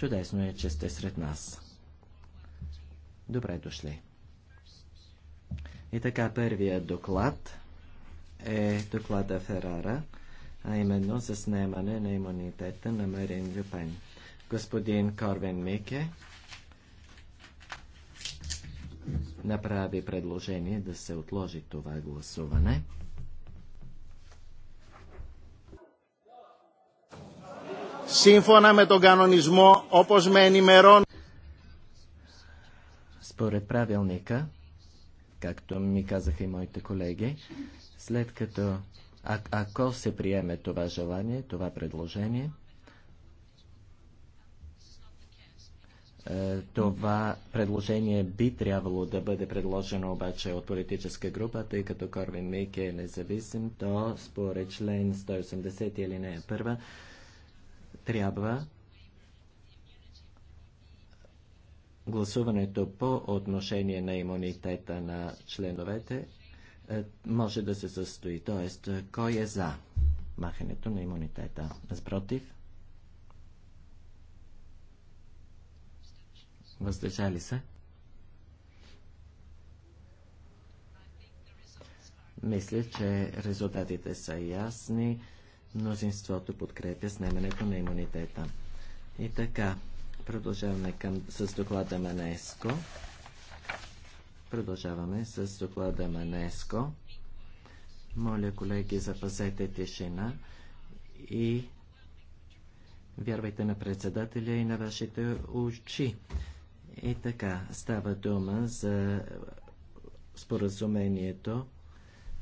Чудесно е, че сте сред нас. Добре дошли. И така, първият доклад е доклада Ферара, а именно за снемане на имунитета на Марин Люпен. Господин Корвен Мике направи предложение да се отложи това гласуване. σύμφωνα με τον κανονισμό όπως με ενημερώνει. Според правилника, както ми казаха и моите колеги, след като а, ако се приеме това желание, това предложение, е, Това предложение би трябвало да бъде предложено обаче от политическа група, тъй като Корвин Мик е независим, то според член 180 или не е първа, трябва гласуването по отношение на имунитета на членовете е, може да се състои. Тоест, кой е за махането на имунитета? Аз против? Въздържали се? Мисля, че резултатите са ясни. Мнозинството подкрепя снемането на имунитета. И така, продължаваме към, с доклада Манеско. Продължаваме с доклада Манеско. Моля, колеги, запазете тишина и вярвайте на председателя и на вашите очи. И така, става дума за споразумението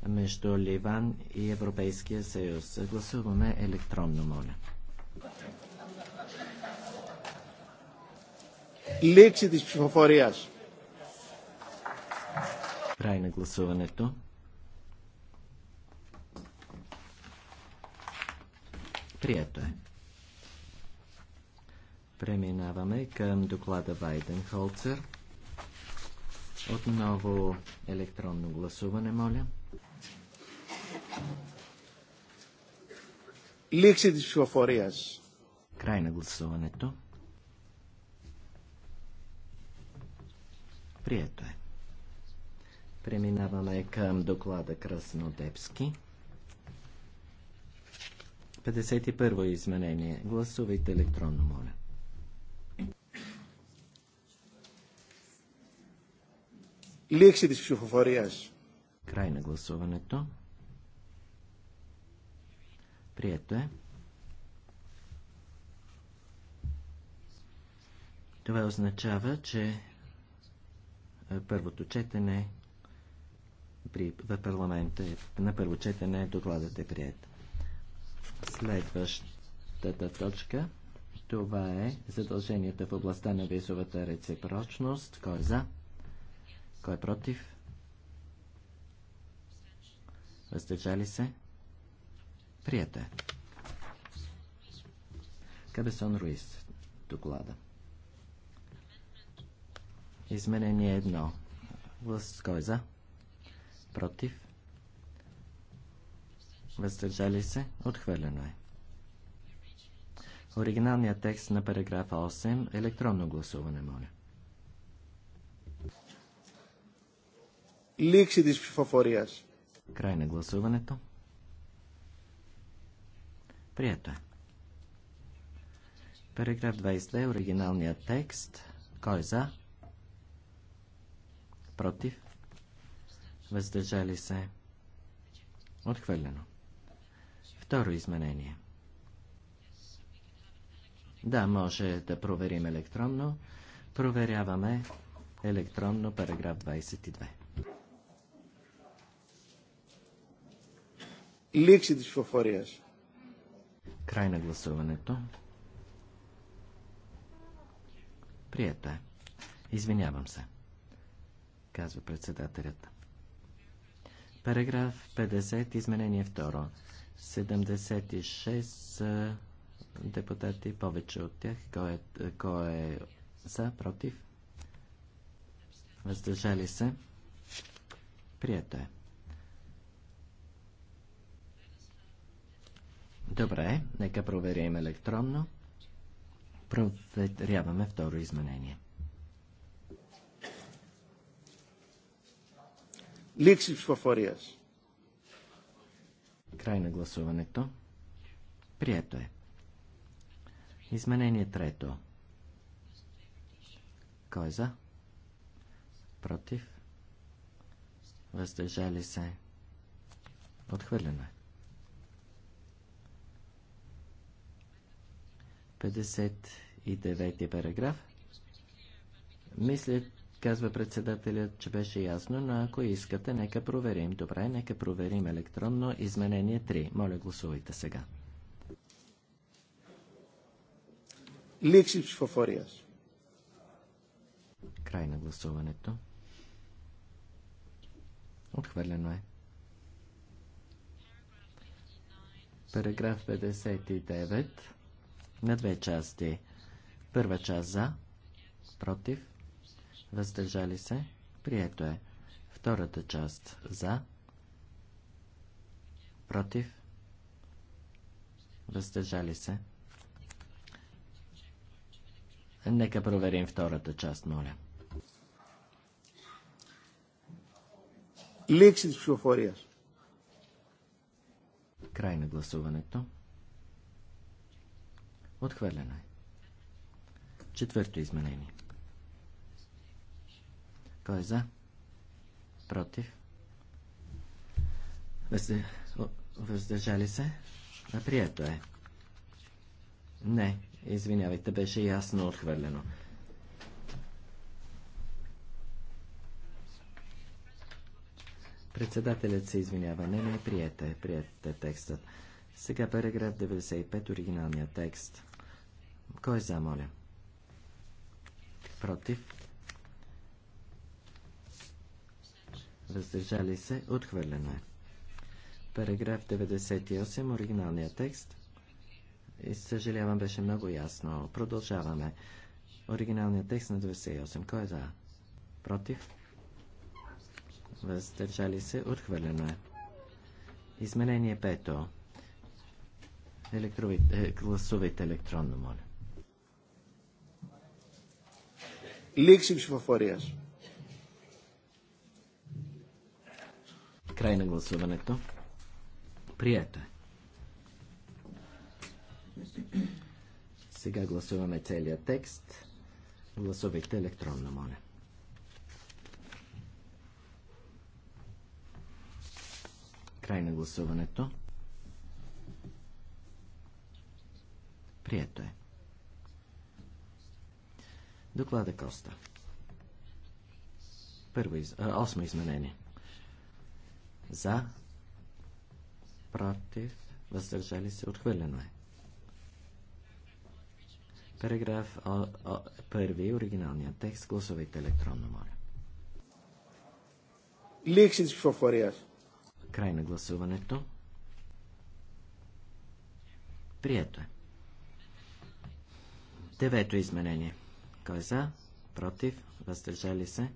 между Ливан и Европейския съюз. Гласуваме електронно, моля. Личи της ψηφοφορίας. Край на гласуването. Прието е. Преминаваме към доклада Вайден Холцер. Отново електронно гласуване, моля. Лихси της ψηφοφορίας. Край на гласуването. Прието е. Преминаваме към доклада Краснодепски. 51 во изменение. Гласувайте електронно, моля. λήξη της ψηφοφορίας. Край на гласуването. Прието е. Това означава, че е, първото четене при, в парламента е, на първо четене докладът е прият. Следващата точка това е задълженията в областта на визовата реципрочност. Кой е за? Кой е против? Въздържали се? Прията е. Кабесон Руис. Доклада. Изменение едно. Глас кой е за? Против? Въздържали се? Отхвърлено е. Оригиналният текст на параграф 8. Електронно гласуване, моля. Λήξη της ψηφοφορίας. Край на гласуването. Прието е. Параграф 22, е, оригиналният текст. Кой е за? Против? Въздържали се? Отхвърлено. Второ изменение. Да, може да проверим електронно. Проверяваме електронно параграф 22. Λήξη της ψηφοφορίας. Край на гласуването. Прията е. Извинявам се, казва председателят. Параграф 50, изменение 2. 76 депутати, повече от тях. Кой е, кой е за, против? Въздържали се? Прието е. Добре, нека проверим електронно. Проверяваме второ изменение. Λήξη ψηφοφορία. Край на гласуването. Прието е. Изменение трето. Кой е за? Против? Въздържали се? Отхвърлено е. 59 параграф. Мисля, казва председателят, че беше ясно, но ако искате, нека проверим. Добре, нека проверим електронно изменение 3. Моля, гласувайте сега. Λήξη ψηφοφορίας. Край на гласуването. Отхвърлено е. Параграф 59 на две части. Първа част за, против, въздържали се, прието е. Втората част за, против, въздържали се. Нека проверим втората част, моля. Лекси ψηφοφορίας. Край на гласуването. Отхвърлено е. Четвърто изменение. Кой е за? Против? Въздържали се? А прието е. Не, извинявайте, беше ясно отхвърлено. Председателят се извинява. Не, не, приете, е текстът. Сега параграф 95, оригиналния текст. Кой е за, моля? Против? Въздържали се? Отхвърлено е. Параграф 98, оригиналния текст. И съжалявам, беше много ясно. Продължаваме. Оригиналният текст на 98. Кой е за? Против? Въздържали се? Отхвърлено е. Изменение 5. Е, гласувайте електронно, моля. Λήξη ψηφοφορία. Край на гласуването. Прието е. Сега гласуваме целия текст. Гласувайте електронно, моля. Край на гласуването. Прието е. Доклада Коста. Първо, из... а, осмо изменение. За, против, въздържали се, отхвърлено е. Параграф о, о, първи, оригиналният текст, гласувайте електронно, моля. Лихши ψηφοφορίας. Край на гласуването. Прието е. Девето изменение. Кой е за? Против? Въздържали се?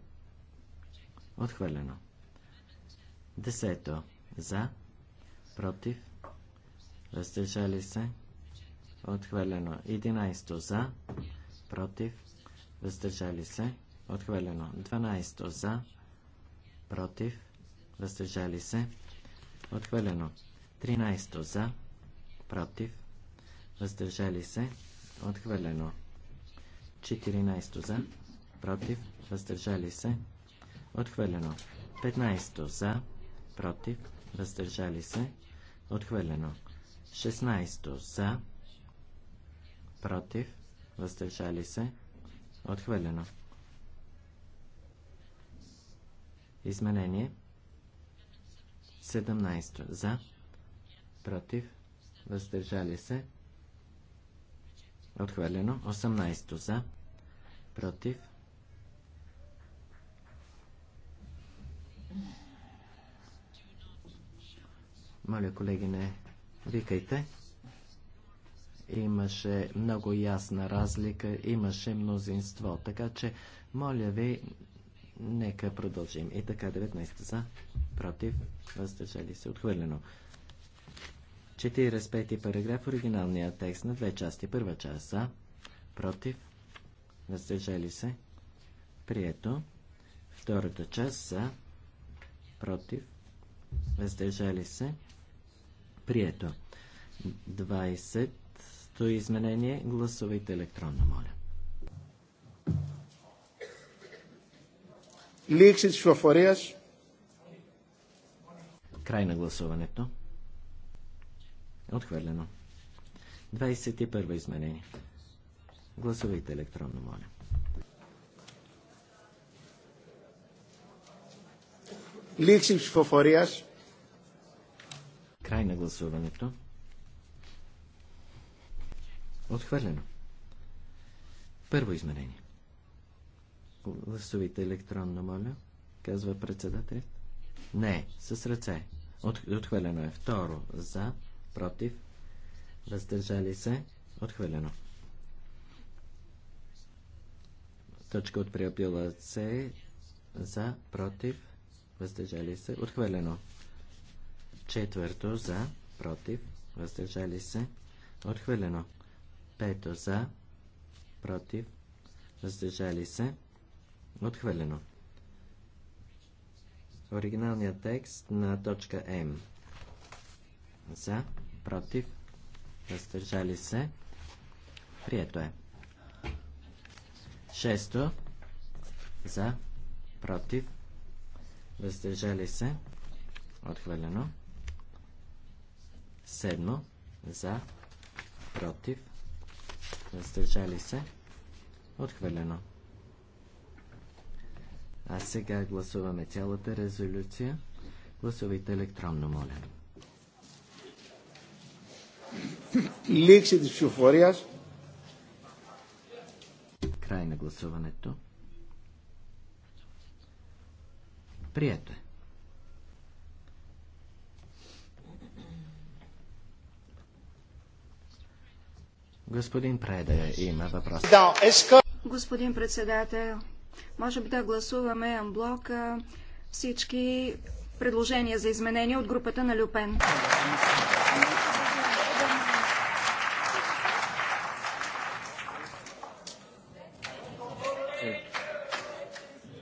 Отхвърлено. Десето. За? Против? Въздържали се? Отхвърлено. Единайсто. За? Против? Въздържали се? Отхвърлено. Дванайсто. За? Против? Въздържали се? Отхвърлено. Тринайсто. За? Против? Въздържали се? Отхвърлено. 14 за, против, въздържали се, отхвърлено. 15 за, против, въздържали се, отхвърлено. 16 за, против, въздържали се, отхвърлено. Изменение 17 за, против, въздържали се, Отхвърлено. 18 за. Против. Моля, колеги, не викайте. Имаше много ясна разлика, имаше мнозинство. Така че, моля ви, нека продължим. И така, 19 за, против, въздържали се, отхвърлено. 45 параграф, оригиналния текст на две части. Първа част за, против, въздържали се, прието. Втората част за, против, въздържали се, прието. 20-то изменение, гласувайте електронно, моля. Λήξη της Край на гласуването. Отхвърлено. 21 изменение. Гласувайте електронно, моля. Лихси шфофориаш. Край на гласуването. Отхвърлено. Първо изменение. Гласувайте електронно, моля, казва председателят. Не, с ръце. От, отхвърлено е. Второ, за, против, въздържали се, отхвърлено. Точка от приопила С за, против, въздържали се, отхвърлено. Четвърто за, против, въздържали се, отхвърлено. Пето за, против, въздържали се, отхвърлено. Оригиналният текст на точка М. За, против, въздържали се, прието е. Шесто, за, против, въздържали се, отхвърлено. Седмо, за, против, въздържали се, отхвърлено. А сега гласуваме цялата резолюция. Гласувайте електронно, моля. Λήξη της ψηφοφορίας. Край να γλωσσόβανε το. Πριέτε. Господин Преда има въпрос. Господин председател, може би да гласуваме амблок всички предложения за изменения от групата на Люпен.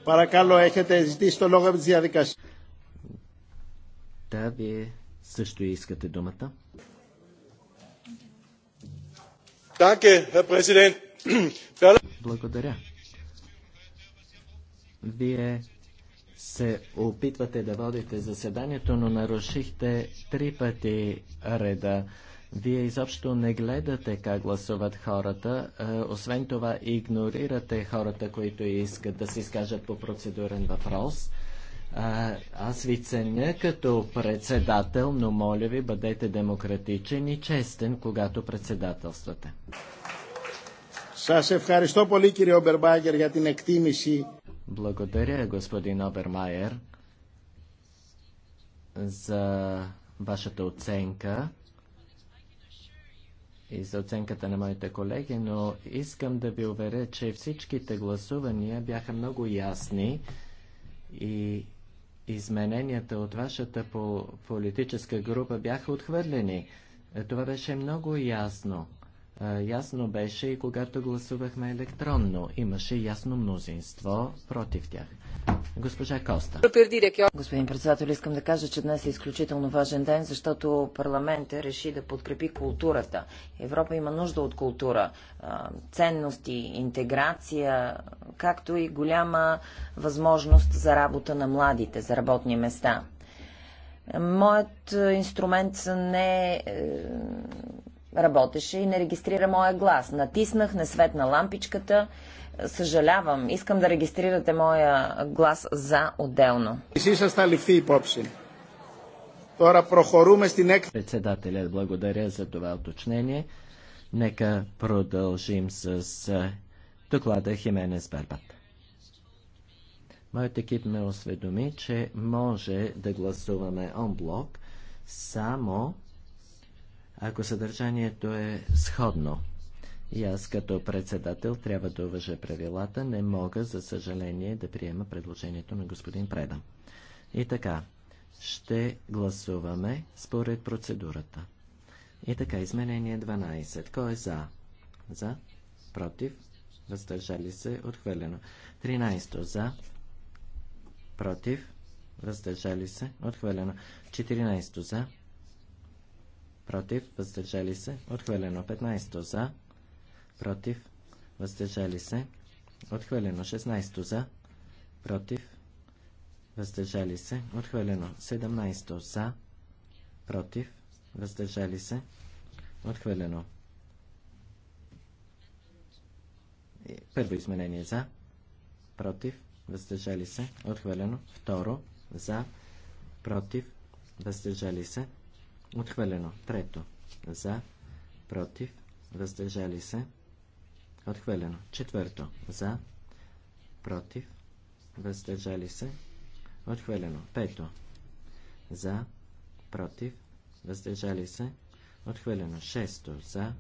Παρακαλώ, έχετε ζητήσει το λόγο από τη διαδικασία. Да, вие също искате думата. Данке, президент. Благодаря. Вие се опитвате да водите заседанието, но нарушихте три пъти реда. Вие изобщо не гледате как гласуват хората, освен това игнорирате хората, които искат да се изкажат по процедурен въпрос. Аз ви ценя като председател, но моля ви, бъдете демократичен и честен, когато председателствате. Благодаря господин Обермайер за вашата оценка и за оценката на моите колеги, но искам да ви уверя, че всичките гласувания бяха много ясни и измененията от вашата политическа група бяха отхвърлени. Това беше много ясно. Ясно беше и когато гласувахме електронно. Имаше ясно мнозинство против тях. Госпожа Коста. Господин председател, искам да кажа, че днес е изключително важен ден, защото парламентът реши да подкрепи културата. Европа има нужда от култура, ценности, интеграция, както и голяма възможност за работа на младите, за работни места. Моят инструмент не е работеше и не регистрира моя глас. Натиснах, не светна лампичката. Съжалявам, искам да регистрирате моя глас за отделно. Председателят благодаря за това уточнение. Нека продължим с доклада Хименес Барбат. Моят екип ме осведоми, че може да гласуваме онблок само ако съдържанието е сходно. И аз като председател трябва да уважа правилата, не мога, за съжаление, да приема предложението на господин Преда. И така, ще гласуваме според процедурата. И така, изменение 12. Кой е за? За? Против? Въздържали се? Отхвърлено. 13. За? Против? Въздържали се? Отхвърлено. 14. За? против, въздържали се, отхвърлено 15 за, против, въздържали се, отхвърлено 16 за, против, въздържали се, отхвърлено 17 за, против, въздържали се, отхвърлено. Първо изменение за, против, въздържали се, отхвърлено. Второ, за, против, въздържали се, Отхвърлено. Трето. За. Против. Въздържали се. Отхвърлено. Четвърто. За. Против. Въздържали се. Отхвърлено. Пето. За. Против. Въздържали се. Отхвърлено. Шесто. За.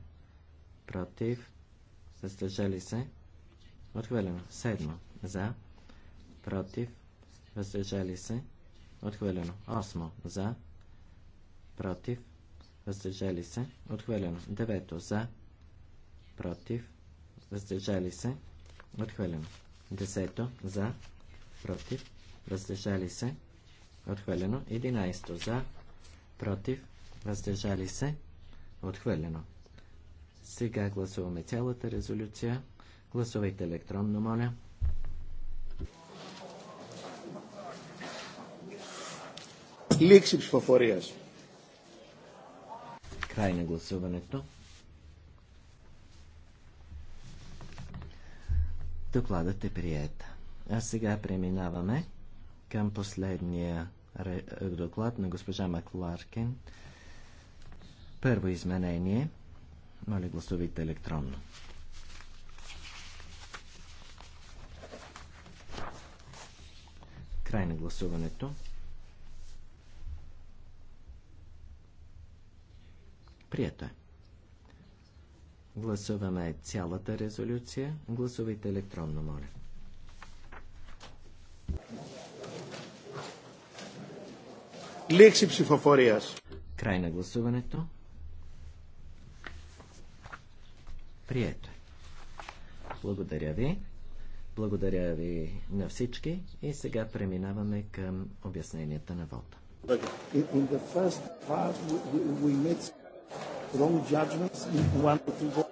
Против. Въздържали се. Отхвърлено. Седмо. За. Против. Въздържали се. Отхвърлено. Осмо. За против, въздържали се, отхвърлено. Девето за, против, въздържали се, отхвърлено. Десето за, против, въздържали се, отхвърлено. Единайсто за, против, въздържали се, отхвърлено. Сега гласуваме цялата резолюция. Гласувайте електронно, моля. Λήξη ψηφοφορίας. Край на гласуването. Докладът е прият. А сега преминаваме към последния доклад на госпожа Макларкен. Първо изменение. Моля, гласувайте електронно. Край на гласуването. Прието е. Гласуваме цялата резолюция. Гласувайте електронно, моля. Лекси ψηφοφορίας. Край на гласуването. Прието е. Благодаря ви. Благодаря ви на всички и сега преминаваме към обясненията на вода wrong judgments in one or two